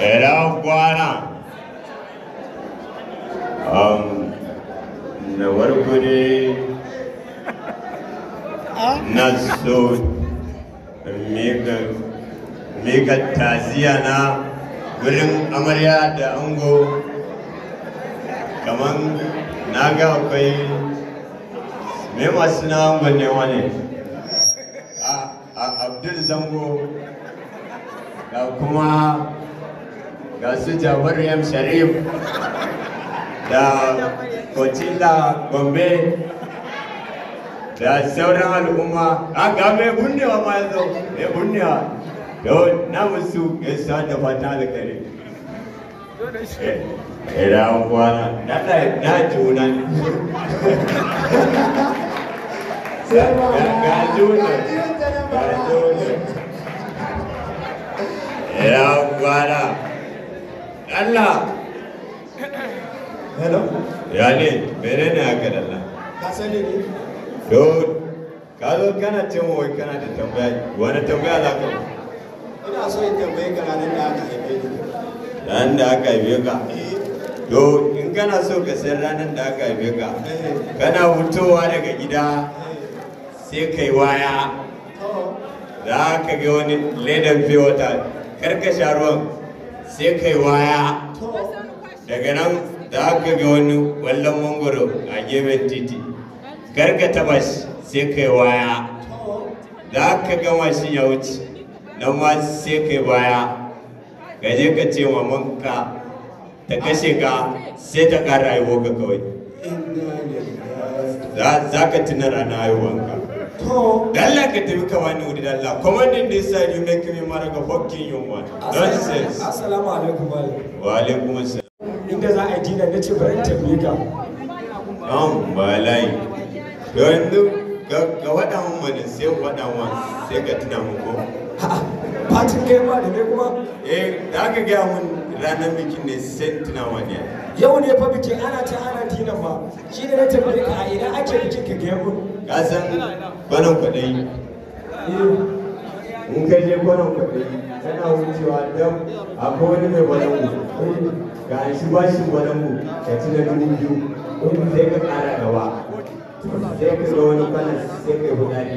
era kwana um, na warko ne na so mega taziya na wurin amarya da ango kamar na ga akwai mai masu na ango ne wane a abdul zango ga kuma ga su jabar yam sharif da kocilla gombe da sauran al'umma a ah, ga mai bunnewa ma yanzu mai bunnewa da na musu gaisuwa da fata alkari Era eh, un kwana na na juna ga juna ga juna Era kwana Allah hello ya ne menene haka da Allah ka sani ne to ka zo kana ce wai kana da tambaya wani tambaya za ka ina so in tambaye ka ranar da aka haife ni ranar da aka haife ka eh. to in kana so ka san ranar da aka haife ka eh. kana hutowa daga gida eh. sai kai waya za ka ga wani ledan fiye wata karkasha ruwan sai kai waya daga nan da ka ga wani wallon mangoro a gefen titi garga taba sai kai waya za ka ga mashin ya wuce nan ma sai kai baya gaje ka ce wa manka ta kashe ka sai ta ƙara haihuwa ka kawai za ka tuna yi wanka to dalla ka tafi ka wani wuri dalla commanding this side you make me mara ga fucking you one nonsense assalamu alaikum wa alaikum assalam inda za a yi dinar nace bari in tafi ka an ba layi to yanzu ga waɗannan mani sai waɗannan sai ka tuna mu ko fatin kai ba da me kuma eh da aka gaya mun ranar bikin ne sentina wani yau ne fa bikin ana ta ana tina ba shi ne na tambaye ka a ina ake bikin ka gaya mun ka san banan kwaɗayi mun eh. kai je banan kwaɗayi tana wucewa don akwai wani mai banan eh, ga shi ba shi banan mu ka ci da dubu biyu in sai ka ƙara gaba sai ka zo wani kwanan sai ka yi hudari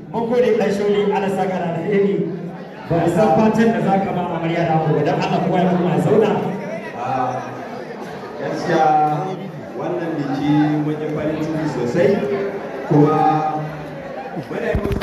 mun gode dan shole ana saka da alheri ba a san fatan da za ka ba amarya da abu dan Allah ya kuma zauna ah, gaskiya wannan biki mun yi farin ciki sosai kuma